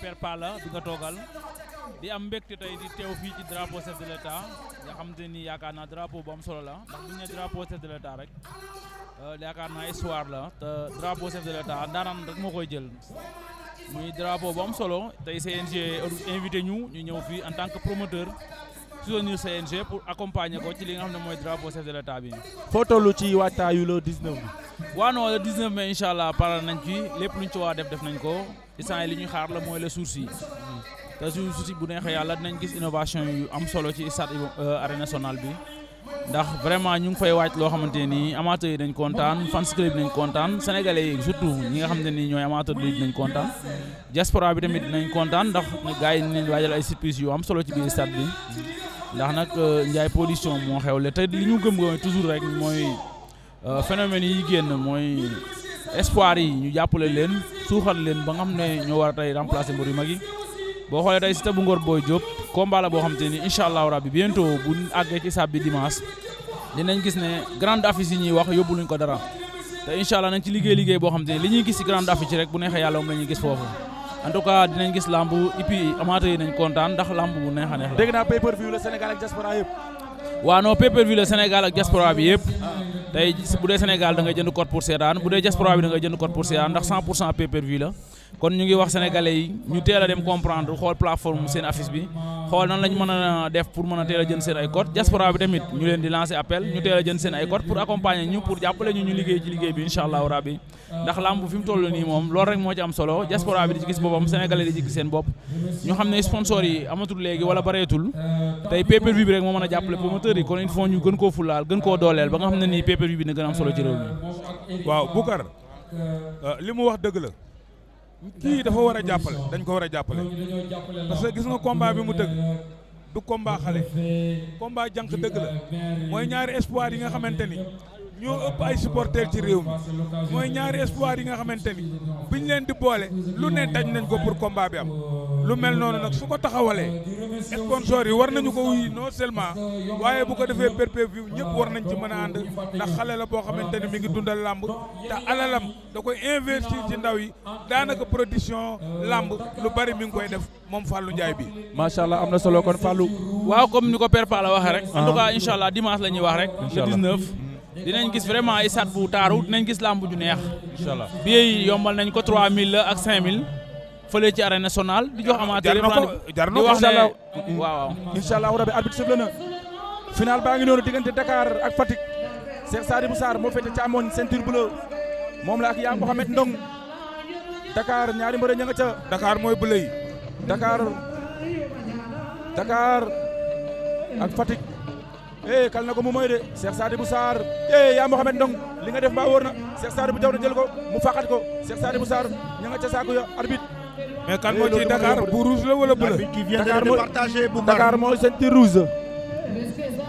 père Palla bi nga toogal di am mbégte tey di teew fii ci drapeau chef de l'état xam te ni yaakaar naa drapeau bu am solo la ndax bu ñu drapeau chef de rek euh, yaakaar naa histoire la te drapeau chef de l'état ndaanaan rek moo koy jël muy drapeau bu am solo tey CNG invité ñu ñu ñëw fii en tant que promoteur soutenir CNG pour accompagner ko ci li nga xam ne mooy drapeau chef de bi. foo tollu ci waajtaayu le 19 bi. waaw non le 19 mais incha allah pare nañ ci lépp luñ ci war a def def nañ ko. instant yi li ñuy xaar la mooy le source yi te su bu neexee yàlla dinañ gis innovation yu am solo ci stade euh, arène nationale bi ndax vraiment ñu ngi fay waaj loo xamante nii amateurs yi dañ kontaan fans club yi nañ kontaan sénégale yi surtout ñi nga xam ne ni ñooy amateurs yi dinañ kontaan diaspora bi tamit dinañ kontaan ndax gars yi nañ waajal ay surprise yu am solo ci biir stade bi ndax nag euh, Ndiaye production moo xew xewle te li ñu gëm gëm toujours rek mooy euh, phénomène yi génn mooy espoir yi suuxal leen ba nga xam ne ñoo war a tey remplacer mag yi boo xoolee tey Siteu Ngor Boy Diop combat la boo xam te ni incha allahu rabbi bientôt bu àggee ci saab bi dimanche dinañ gis ne grande affiche yi ñuy wax yóbbu luñ ko dara te incha nañ ci liggéey liggéey boo xam te ni li ñuy gis ci grande affiche rek bu neexee yàlla moom la ñuy gis foofu en dinañ gis lamb et puis nañ kontaan ndax lamb bu a la. dégg naa pay per la Sénégal waaw no pay-per-view la Sénégal ak diaspora bi yëpp tey bu dee Sénégal da nga jënd code pour seetaan bu dee diaspora bi da nga jënd code pour seetaan ndax 100 pour cent pay-per-view la kon ñu ngi wax sénégalais yi ñu teel dem comprendre xool plateforme seen affiche bi xool na lañ mën a def pour mën a teel a jënd seen ay code diaspora bi tamit ñu leen di lancer appel ñu teel a jënd seen ay code pour accompagner ñu pour jàppale ñu ñu liggéey ci liggéey bi incha allahu rabbi ndax làmb fi mu toll nii moom loolu rek moo ci am solo diaspora bi di ci gis boppam sénégalais di ci seen bopp ñu xam ne sponsor yi amatul léegi wala bareetul tey pay-per-view moo mën a jàppale promoteurs yi kon il faut gën koo fulaal gën koo dooleel ba nga xam ne nii a euh, li mu wax dëgg la kii dafa war a jàppale dañ ko war a jàppale parce que gis nga combat bi mu tëgg du combat xale combat jànq dëgg la mooy ñaari espoir yi nga xamante ni ñoo ëpp ay supporters ci réew mi mooy ñaari espoir yi nga xamante ni biñ leen di boole lu ne daj nañ ko pour combat bi am lu mel noonu nag su ko taxawalee sponsor yi war nañu ko wuy non seulement waaye bu ko defee perpétuité ñëpp war nañ ci mën a ànd ndax xale la boo xamante ne mi ngi dundal làmb te alalam da koy investir ci ndaw yi daanaka production làmb lu bari mi ngi koy def moom Fallou Ndiaye bi macha allah am na solo kon Fallou. waaw comme ni ko père Palla waxee rek. en tout ah. cas incha allah dimanche la ñuy wax rek. le 19. gis vraiment ay sat bu taaru dinañ gis làmb ju neex. incha allah billet yombal nañ ko 3000 la ak 5000. fële ci arène di jox amateur jar na ko wax ne waaw incha allahu rabi arbitre sifle na final baa ngi noonu diggante Dakar ak Fatick Cheikh Sadibou Sarr moo féete càmmoñ ceinture bleue moom la ak yaa Mohamed Ndong Dakar ñaari mbër ña nga ca Dakar mooy bleu yi Dakar ak Fatick eh kal na ko mu moy de Cheikh Sadibou Sarr eh yaa Mohamed Ndong li nga def mbaa wóor na Cheikh bu daw jël ko mu faqat ko Cheikh Sadibou Sarr ña nga ca saako ya arbitre mais kan moo ci Dakar bu rouge la wala bleu. Dakar mooy Dakar mooy ceinture rouge.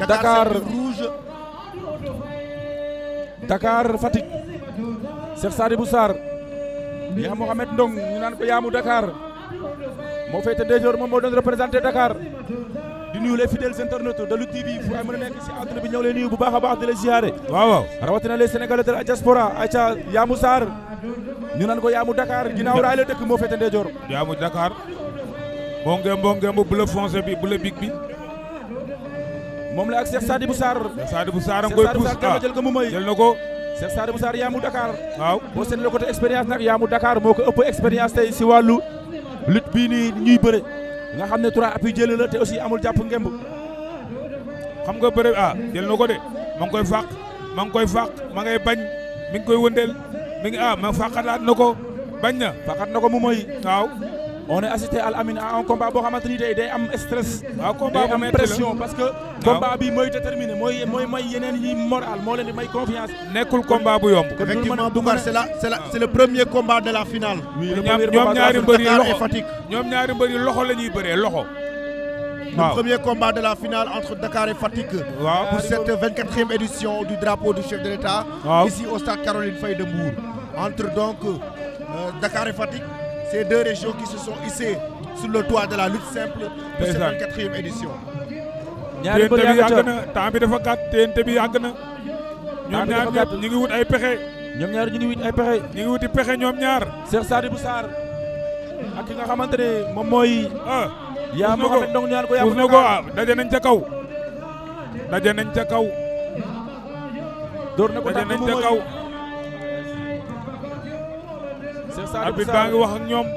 Dakar rouge. Dakar Fatick. Cheikh Sadibou Sarr. yaa Mohamed Ndong ñu naan ko yaamu Dakar. moo féete deux jours moom moo doon représenté Dakar. di nuyu les fidèles internautes de Lutte TV fu ay mën a si àdduna bi ñëw leen nuyu bu baax a baax di la ziare. waaw waaw rawatina les sénégalais de la diaspora ayca yaamu Sarr. ñu nan ko yaamu Dakar ginnaaw raay la dëkk moo féete ndeyjoor yaamu Dakar moo ngem boo ngem bleu bi bleu bic moom la ak Cheikh Sadibou Sarr Sadibou Sarr a ngi koy pousse ah jël ko mu may jël na ko Cheikh Sadibou Sarr yaamu Dakar waaw boo seen le côté expérience nag yaamu Dakar moo ko ëpp expérience tey si wàllu lutte bii nii ñuy bëre nga xam ne trois appui jël te aussi amul jàpp ngemb xam nga bëre a ah, jël na ko de ma ngi koy fàq ma ngi koy fàq ma koy wëndeel mi ngi ah ma fàqalaat na ko bañ na fàqat na ko mu moy waaw on est assisté al amin à un boo xamante ni day day am stress. waaw combat day am pression parce que. combat bi mooy déterminé mooy mooy may yeneen yi moral moo leen di may confiance. nekkul combat bu yomb. effectivement Boucar c'est la c'est la c'est la premier combat de la finale ñoom ñaari mbër yi loxo ñoom ñaari mbër yi loxo la ñuy bëree loxo. waaw premier combat de la finale entre Dakar et Fatick. waaw pour cette vingt quatrième édition du drapeau du chef de l'État. waaw ici Caroline Faye de Mbour. entre donc euh, Dakar et ces deux régions qui se sont hissées sur le toit de la lutte simple. de cette vingt quatrième édition. ñaari bëri yàgg na temps bi dafa gàtt TNT bi yàgg na. ñoom ñaar ñëpp ñu ngi wut ay pexe. ñoom ñaar ñu ngi wut ay ngi wuti pexe ñoom ñaar. Cheikh Sadibou ak ki nga xamante ne moom mooy. Ah. yaa Mohamed Ndong ñaan ko yaa na ko ah daje nañ ca kaw. daje nañ ca kaw. door na ko daje nañ ca kaw. arbitre baa ngi wax ak ñoom.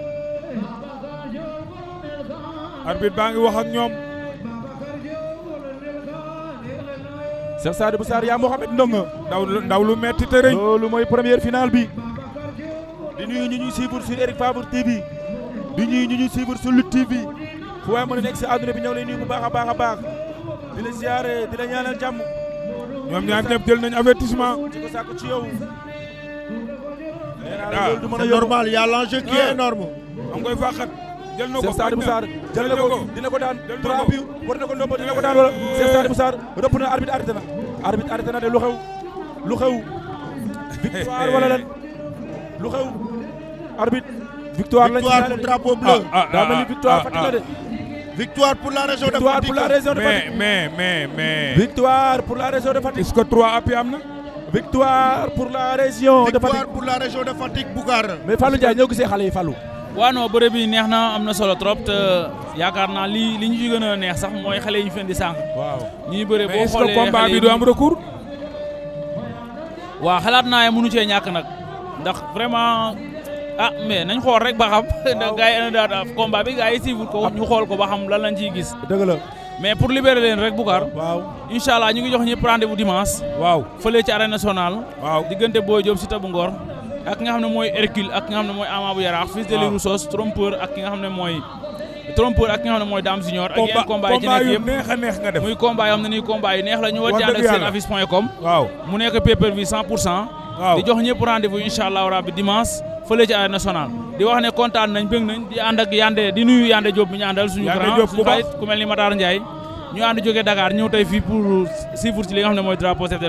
arbitre baa ngi wax ak ñoom. Cheikh Sadibou Sarr yaa Mohamed Ndong ndaw ndaw lu metti te rëy loolu mooy première finale bi. di nuyu ñu ñuy suivre sur Eric Favre TV. di ñuy ñu ñu suivre sur Lutte TV fu waaye mën a nekk si àdduna bi ñëw lay nuyu bu baax a baax a baax di la ziare di la ñaanal jàmm. ñoom ñaar ñëpp jël nañ avertissement. di ko sàkku ci yow. waaw ah, c'est normal y a l'enjeu qui est ah. énorme. na ko. Cheikh Sadibou Sarr jël na ko dina ko daan. trois bi war na ko ndombo dina ko daan wala. Cheikh eh. Sadibou Sarr rëpp na arbitre arrêté na. de lu xew. lu xew. victoire wala lan lu xew arbitre. victoire la ah, ah, ah, victoire pour la région de Fatick. pour la région de Fatick mais mais mais. victoire pour la région de Fatick. est-ce am na. victoire pour la région de Fatick pour la région de Fatick Boucar. mais Fallou Ndiaye ñoo gisee xale yi Fallou. waaw non bëre bi neex na am na solo trop te yaakaar naa li li ñu ci gën a neex sax mooy xale yi fen di sànq. waaw ñuy bëre boo xoolee mais est-ce que combat bi du am recours. waaw xalaat naa ye mënu cee ñàkk nag ndax vraiment. ah mais nañ xool rek ba xam. waaw gars yi daal daal bi gars yi suivre ko ñu xool ko ba xam lan lañ ciy gis. dëgg la mais pour leen rek Boucar. waaw ñu ngi jox ñëpp rendez-vous dimanche. waaw fële ci arène nationale. waaw diggante Boy Diop Siteu bu Ngor. ak ki nga xam ne mooy Hercule ak ki nga xam ne mooy Ama Yaraax. waaw fils de ak ki nga xam ne mooy. trompeur ak ki nga xam ne mooy Dame Junior. ak yeneen combat yi ci a neex nga def. muy combat yoo xam ne nii combat neex la ñu war ak fële ci arène di wax ne kontaan nañ bëgg nañ di ànd ak Yandé di nuyu Yandé Diop mi ñu àndal suñu grand suñu bayit ku mel ni Matar Ndiaye ñu ànd jógee Dakar ñëw tey fii pour suivre ci li nga xam ne mooy drapeau chef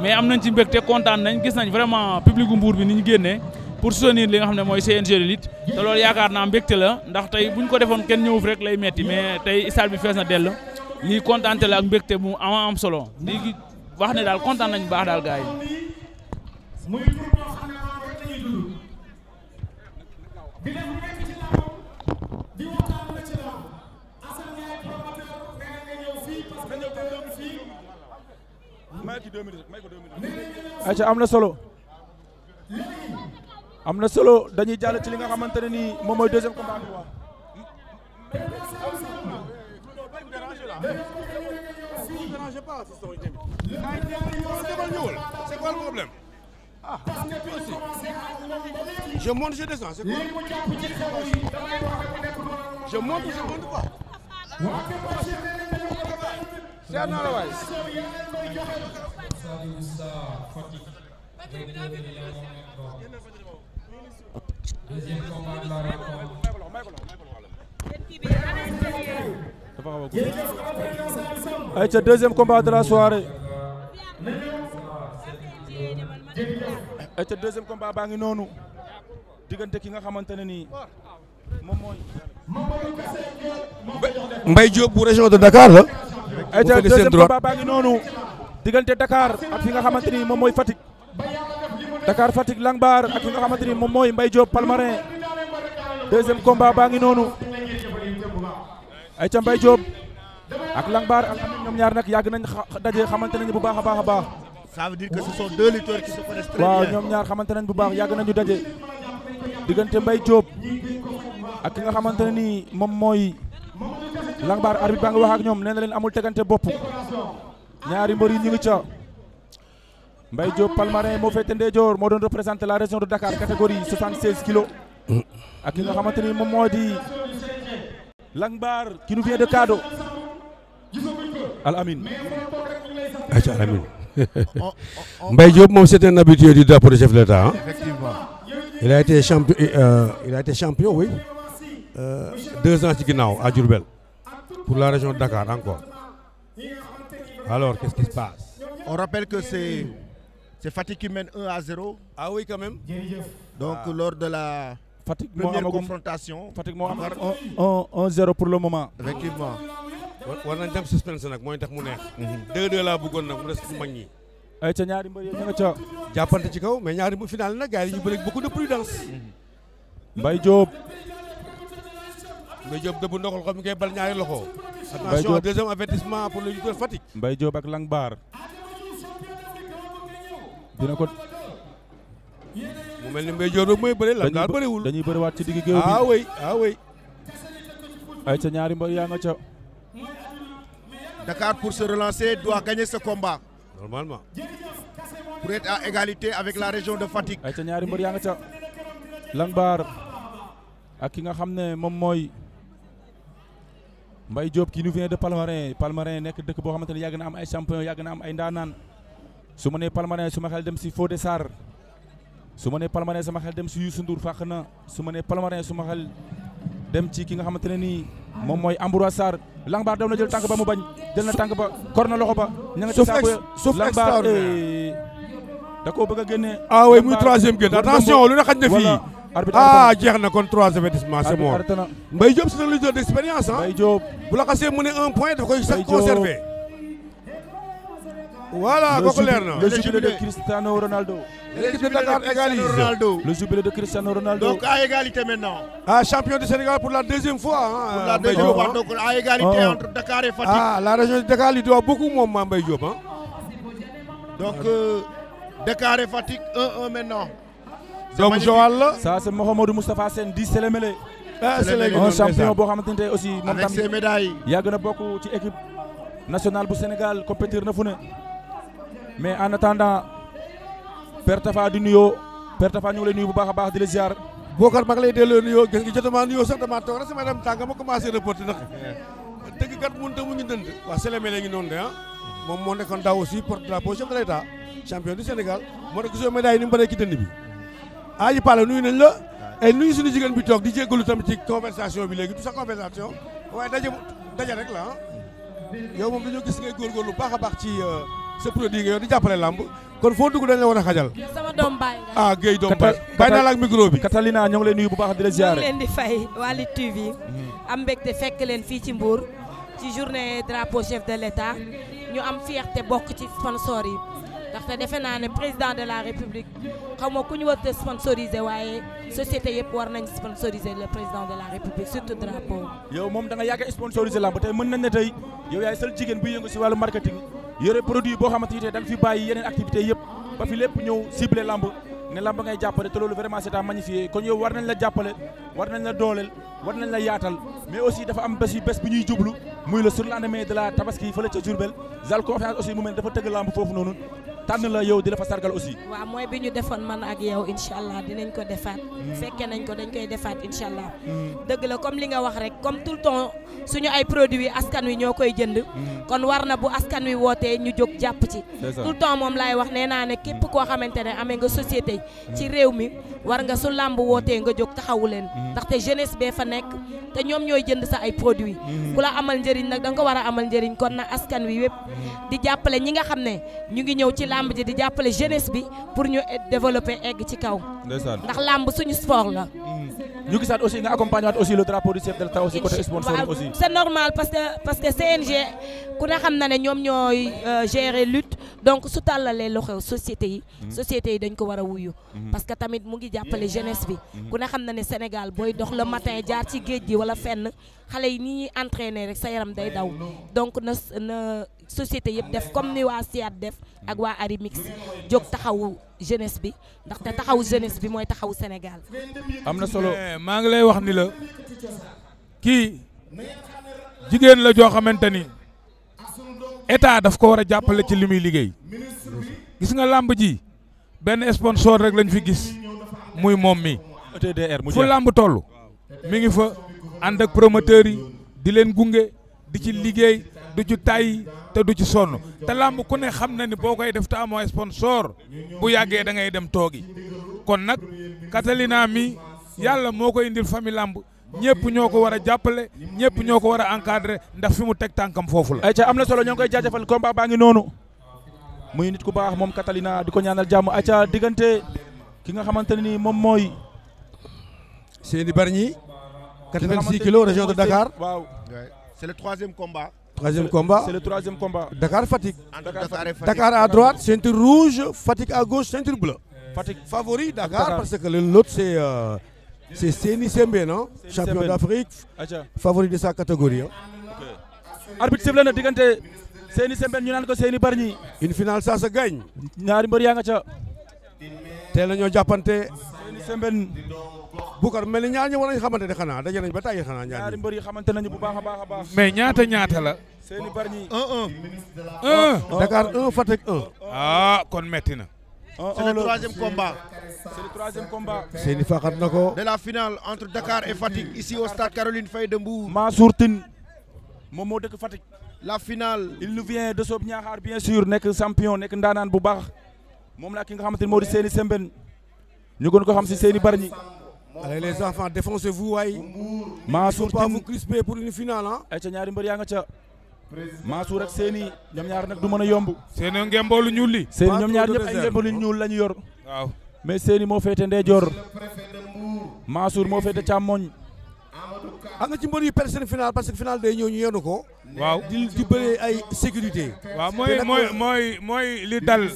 mais am nañ ci te kontaan nañ gis nañ vraiment public bu Mbour bi ni ñu génnee pour soutenir li nga xam ne mooy CNG de lutte te loolu yaakaar naa mbégte la ndax tey buñ ko defoon kenn ñëwuf rek lay metti mais tey stade bi fees dell lii kontaante la ak mbégte mu am am solo léegi wax ne daal kontaan nañ baax daal gars ayca am na solo na solo dañuy jàll ci li nga xamante ne nii moom mooy deuxième combat bi waaw. C'est quoi le problème? Ah, je monte, je descends, c'est quoi? Je monte, je monte Saliou Sarr Fatick directeur de la deuxième soirée. ayca deuxième combat baa ngi noonu diggante ki nga xamante ne nii moom mooy. Mbaye de Dakar la. ayca deuxième combat baa noonu. diggante dakaar ak fi nga xamante ni moom mooy Fatick Dakar Fatick Langbar ak fi nga xamante ni moom mooy Mbaye Diop Palmarin deuxième combat baa ngi noonu ay ca Mbaye Diop ak Langbar ak ñoom ñaar nag yàgg nañ daje xamante nañu bu baax a baax a baax. ça veut dire que waaw ñoom ñaar xamante nañ bu baax yàgg nañu daje diggante mbay Diop ak ki nga xamante ne nii moom mooy Langbar arbitre baa ngi wax ñoom nee na leen amul tegante bopp. ñaari mbër yi ñu ngi ca Mbaye Diop Palmarin moo féete ndeyjoor moo doon représenté la région de Dakar catégorie 76 kilos ak ki nga xamante ni moom moo di Langbar qui nous vient de Kado Al Amin aca Al moom c'est un habitué du chef de l'État effectivement il a été champion euh, a été champion oui euh, deux ans ci ginnaaw à pour la région de Dakar encore Alors, qu'est-ce qui se passe On que c'est Fatih qui mène 1 à 0. Ah oui, quand Donc, ah. lors de la Fatigue première confrontation. Fatigue 1-0 pour le moment. Effectivement. war nañ dem suspense nag mooy tax mu neex. 2-2 laa bëggoon nag mu des ci mag ay ca ñaari mbër ya ca. jàppante ci kaw mais ñaari bu final nag gars yi ñu bëri beaucoup de prudence. Mbaye Diop. Mbaye Diop dëbb ndoxal ko mi koy bal ñaari loxo. attention deuxième avertissement pour le lutteur Fatick. Mbaye ak Lang Baar. dina ko. mu mel ni Mbaye Diop rek mooy bëri Lang Baar bëriwul. dañuy bëriwaat ci digg géew bi ah, ah oui ay ca ñaari mbër yaa nga ca. Dakar pour se relancer doit gagner ce combat. normalement. pour à égalité avec la région de Fatick. ay ca ñaari mbër yaa nga ca. Lang Baar ak ki nga xam ne moom mooy. Mbaye Diop qui nous vient de Palmarin Palmarin nekk dëkk boo xamante ne yàgg na am ay champion yàgg na am ay ndaanaan su ma Palmarin su ma dem si Fodé Sarr su ma nee Palmarin sama xel dem si Youssou Ndour fàq na su ma nee Palmarin su dem ci ki nga xamante ne nii moom mooy Ambroise Sarr Langbar daw na jël tànk ba mu bañ jël na tànk ba kor na loxo ba ña nga ci saako Langbar eh, da koo bëgg a génne ah oui muy troisième génn attention lu ne xaj na fii ah jeex na kon trois avertissements c'est mort Mbaye Diop c'est un leader d'expérience ah. Mbaye Diop bu la xasee mu ne un point daf koy sax conservé. voilà kooku leer na. le jubilé de Cristiano Ronaldo. l'équipe de le de Cristiano Ronaldo. donc à égalité maintenant. ah champion du Sénégal pour la deuxième fois. pour la oh. entre Dakar et Fatick. ah la région de doomu Joal la ça c'est Mouhamadou Moustapha Sène di Sélémélé ah, un champion boo xamante ne tey aussi moom tam ses médailles yàgg na bokk ci équipe nationale bu Sénégal compétir na fu ne mais en attendant Père Tafa di nuyoo Père Tafa ñu ngi lay nuyu bu baax a baax di la ziar Bokar maa ngi lay delloo nuyoo gis nga jotuma nuyoo sax damaa toog rek sama dem tàng ma commencé reporté nag dëgg kat mënut a muñu dënd waaw Sélémélé ngi noonu de ah moom moo nekkoon daaw aussi porte drapeau chef de l'État champion du Sénégal moo Aji Pala nuyu nañ la. et eh, nuyu suñu jigéen bi toog di jéggalu tamit ci conversation bi léegi du sa conversation waaye daje daje rek la ah. mm. yow moom dañoo gis ngay góorgóorlu baax a baax ci euh, sa produit nga yow di jàppale làmb kon foo dugg dañ la war a xajal. sama doom bàyyi nga. ah Guèye doom bàyyi bàyyi naa la ak micro bi. Catalina ñoo ngi lay nuyu bu baax di la ziare. leen di fay waa Lutte TV. Mm-hmm. am mbégte fekk leen fii ci Mbour. ci journée drapeau chef de l' ñu am fierté bokk ci sponsor yi. ndaxte defe naa ne président de la république xaw ma ku ñu war a sponsoriser waaye société yëpp war nañ sponsoriser le président de la république surtout drapeau. yow moom da nga yàgg a sponsoriser lamb tey mën nañ ne tey yow yaay seul jigéen buy yëngu si wàllu marketing yore produit boo xamante ni tey da fi bàyyi yeneen activité yëpp ba fi lépp ñëw ciblé lamb ne lamb ngay jàppale te loolu vraiment c'est à magnifier kon yow war nañ la jàppale war nañ la yaatal mais aussi dafa am bés la tabaski fële ca dafa tëgg lamb foofu noonu tànn la la fa hmm. koy defaat incha allah hmm. la comme li nga wax rek comme tout le temps suñu ay produits askan wi ñoo koy jënd hmm. kon war na bu askan wi wootee ñu jóg jàpp ci tout le temps moom laay wax nee naa ne képp koo xamante ne amee nga société ci réew mi war nga su làmb wootee nga jóg taxawu leen ndaxte jeunesse bee fa nekk te ñoom ñooy jënd sa ay produits ku la amal njëriñ nag da nga ko war a amal njariñ kon na askan wi wépp di jàppale ñi nga xam ne ñu ngi ñëw ci làmb làmb ji di jàppale jeunesse bi pour ñu développer egg ci kaw. ndax làmb suñu sport la. Mm. ñu gisaat aussi nga accompagné waat aussi le drapeau du chef de l'État aussi côté c'est normal parce que parce que CNG ku ne xam na ne ñoom ñooy euh, gérer lutte donc su tàllalee loxo société yi. Mm. société yi dañ ko war a wuyu. Mm-hmm. parce que tamit mu ngi jàppale jeunesse bi. Mm-hmm. ku ne xam na ne Sénégal booy dox la matin jaar ci géej gi wala fenn xale yi ni ñuy entraîner rek sa yaram day daw donc na. société yëpp def comme ni waa SIAD def ak waa Arimix jóg taxawu jeunesse bi ndaxte taxawu jeunesse bi mooy taxawu Sénégal. am na solo eh, maa ngi lay wax ni la kii jigéen la joo xamante ni état daf ko war a jàppale ci li muy liggéey gis nga làmb ji benn sponsor rek lañ fi gis muy moom mi. E fu làmb toll mi ngi fa ànd ak promoteurs yi di leen gunge di ci liggéey. du ci tay te du ci sonn te làmb ku ne xam na ni boo koy def te amoo sponsor bu yàggee da ngay dem toogi kon nag Catalina mi yàlla moo ko indil famille làmb ñëpp ñoo ko war a jàppale ñëpp ñoo ko war a encadré ndax fi mu teg tànkam foofu la. ayca am na solo ñoo ngi koy jaajëfal combat baa ngi noonu muy nit ku baax moom Catalina di ko ñaanal jàmm ayca diggante ki nga xamante ne ni moom mooy. Seyni Bargny. 86 kilo région de Dakar waaw. c'est le troisième combat. Troisième combat. C'est le troisième combat. Dakar Fatick. Dakar, Dakar, Dakar à droite, ceinture rouge, Fatick à gauche, ceinture euh, favori Dakar, parce que l'autre c'est euh, c'est Seni Sembe non. champion d'Afrique. favori de sa catégorie. arbitre sifflé na diggante Seni Sembe ñu naan ko Seni Bargny. une finale ça gagne. ñaari mbër yaa nga ca. teel nañoo jàppante. Seni Boucar mel ni ñaar ñi war nañ xanaa daje nañ ba tàyyi xanaa ñaar ñaari mbër yi xamante nañu bu baax a baax a ñaata ñaata la seen i barñi 1 1 ah kon metti na oh, oh, c'est le oh, troisième combat c'est le troisième combat seeni faxat ko de la finale entre Dakar et Fatick ici au stade Caroline Faye de Mbour moom moo dëkk fatik la finale il nous vient de Sob Niakhar bien sûr nekk champion nekk ndaanaan bu baax moom la ki nga xamante ne moo di Seny Sembène ñu gën ko xam si Seny Bargny allez les enfants défoncez-vous waay. Mansour pas vous crisper pour une finale ay ca ñaari mbër yaa nga ca. Mansour ak Séni ñoom ñaar nag du mën a yomb. Séni ngemboolu ñuul li. Séni ñoom ñaar ñëpp ay ngemboolu ñuul la yor. waaw mais Séni moo féete ndeyjoor. Mansour moo féete càmmoñ. am na ci mbër yi perte seen final parce que final day ñëw ñu yendu ko. waaw di di ay sécurité. waaw mooy mooy mooy mooy dal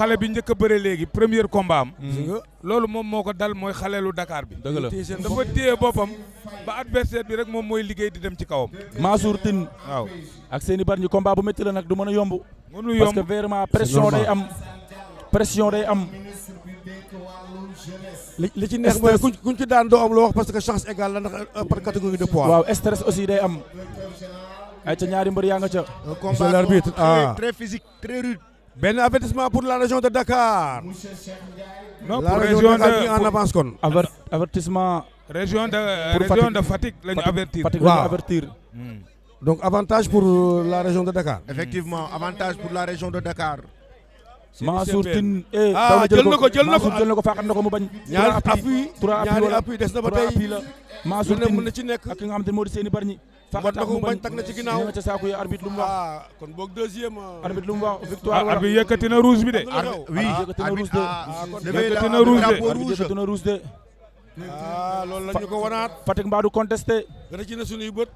xale bi njëkk bëre léegi premier combat am. Mm. loolu moom moo ko dal mooy xaleelu dakaar bi. dëgg la dafa téye boppam ba adversaire bi rek moom mooy liggéey di dem ci kawam. Mansour Tine. waaw ak seen i bari ñu combat bu métti la nag du mën a yomb. mënul yomb parce que vraiment pression day am. pression day am. li ci neex mooy kuñ ci daan loo wax parce que chance égale la ndax euh, par catégorie de poids. stress aussi day am. ay ca ñaari mbër yaa nga ca. combat ah. très physique très rude. benn avertissement pour la région de Dakar. non pour région de en avance kon. région de région de Fatick lañu avertir. Fatick lañu avertir. Hmm. donc avantage pour euh, la région de Dakar. Hmm. effectivement avantage pour la région de Dakar. Mansour Tine eh ah na ko jël na ko jël na ko mu bañ. ñaari appui ñaari appui ba tey la Mansour Tine mën na ci nekk ak ki nga xam te na ko mu bañ tag na ci ginnaaw ca saako yi arbitre lu mu wax ah, kon boog deuxième euh, arbitre lu bi de oui yëkkati ah, de ah, yëkkati na rouge de la ko wanaat Fatick mbaa du contesté gën ci na suñuy bët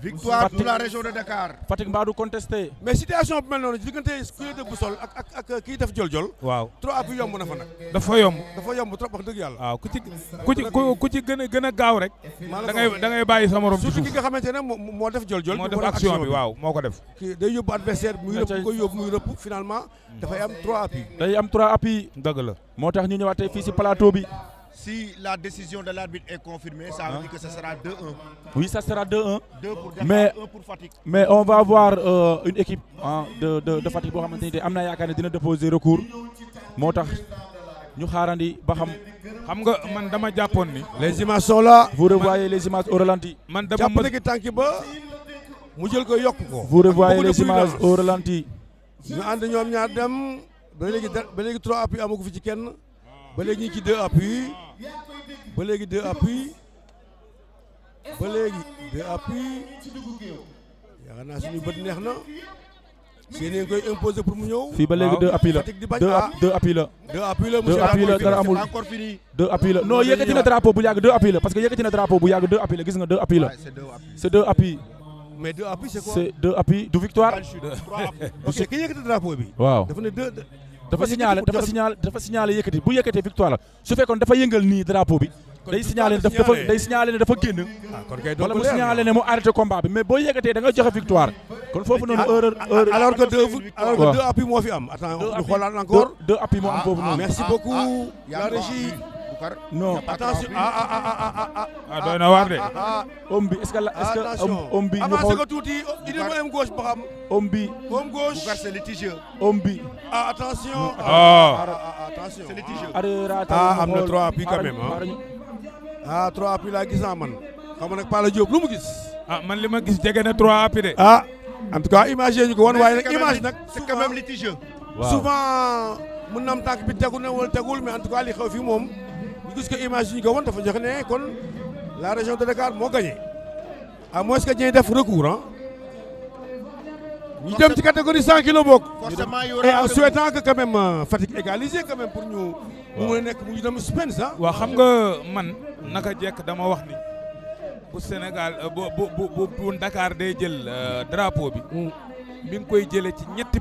victoire pour la région de Dakar. Fatick mbaa du contesté. mais situation bu mel noonu diggante kuy def bu sol ak ak ak def jol-jol. waaw trop appui yomb na fa nag. dafa yomb. dafa yomb trop wax dëgg yàlla. waaw ku ci ku ci ku ci gën a a ngay da ngay bàyyi ki nga xamante ne moo def jol-jol. moo def action bi waaw moo ko def. kii day yóbbu adversaire muy rëpp koy muy rëpp finalement dafay am trois appui. day am trois appui. dëgg la moo tax ñu ñëwaat tey fii si plateau bi. Si la décision de l'arbitre est confirmée, ça veut dire que ce mais, pour Fatick. Mais on va avoir euh, une équipe hein, de, de, boo xamante ni am naa yaakaar ne dina déposer recours moo tax ñu xaarandi ba xam. xam nga man dama jàppoon ni. les images sont là. vous revoyez les man dama jàpp léegi tànk ba mu jël ko yokk ko. vous revoyez les images au ñu ànd ñoom ñaar dem ba léegi ba léegi trois appuis amagu fi ci kenn. ba léegi ñu ci deux appuis ba léegi deux appuis ba léegi deux appuis na. Séné koy fii ba léegi deux appuis la ah. deux appuis la. deux appuis la monsieur appuis la dara amul deux appuis la non yëkkati na drapeau la parce que yëkkati na drapeau bu yàgg deux appuis la gis nga deux appuis la c'est deux appuis. du victoire. du si ki yëkkati drapeau bi. waaw dafa signalé dafa signalé dafa signalé yëkkati bu yëkkatee victoire la su fekkoon dafa yëngal nii drapeau bi day signalé ne dafa génn ah, wala mu signalé ne mu arrêté combat bi mais boo yëkkatee da joxe victoire kon foofu noonu ah, erreur erreur ah, alors que moo fi am attends ñu moo foofu noonu Boubacar. non attention ah ah, ah ah ah ah ah. doy na waar de. Ah, om bi est-ce que est-ce que om bi. ñu xool avancé ko tuuti indi ma am gauche ba xam. om bi. om gauche Boubacar c'est litigieux. om bi. ah attention. ah attention c'est litigieux. ah am na trois appuis quand même ah. ah trois appuis laa gis naa man. xam nga nag Pala Diop lu mu gis. ah man li ma gis jege na trois appuis de. ah en tout cas image ñu ko wan waaye nag image nag. c'est quand même litigieux. souvent. mën na am tànk bi tegu na wala tegul mais en tout cas li xew fii moom plus que image yi ñu ko woon dafa ne kon la région de Dakar moo gagné à moins que ñuy def recours ah. ñu dem ci catégorie 100 kilos bokk. forcément yu et en égaliser quand euh, pour ñu. mu mun nekk mu ngi dem suspense ah. waaw xam nga man naka jekk dama wax ni bu Sénégal euh, bu bu bu Dakar day jël euh, drapeau bi. Mm. mi ngi koy jëlee ci ñetti